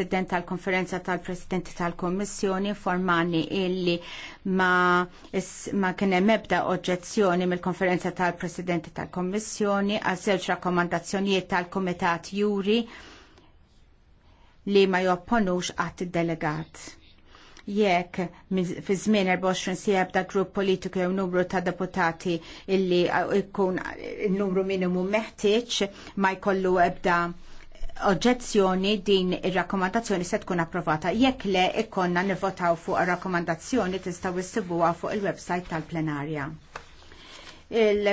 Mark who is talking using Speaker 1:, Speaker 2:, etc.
Speaker 1: il-President tal-Konferenza tal-Presidenti tal-Kommissjoni informani illi ma, ma kienem ebda oġġezzjoni mill-Konferenza tal-Presidenti tal-Kommissjoni għal żewġ rakkomandazzjonijiet tal-Komitat Juri li ma jopponux għat delegat jekk fi żmien 24 sija ebda grupp politiku jew numru ta' deputati illi jkun il-numru minimu meħtieġ ma jkollu ebda oġġezzjoni din ir-rakkomandazzjoni se tkun approvata. Jekk le ikkonna nivvotaw fuq ir-rakkomandazzjoni tistgħu issibuha fuq il-website tal-plenarja. il website tal plenarja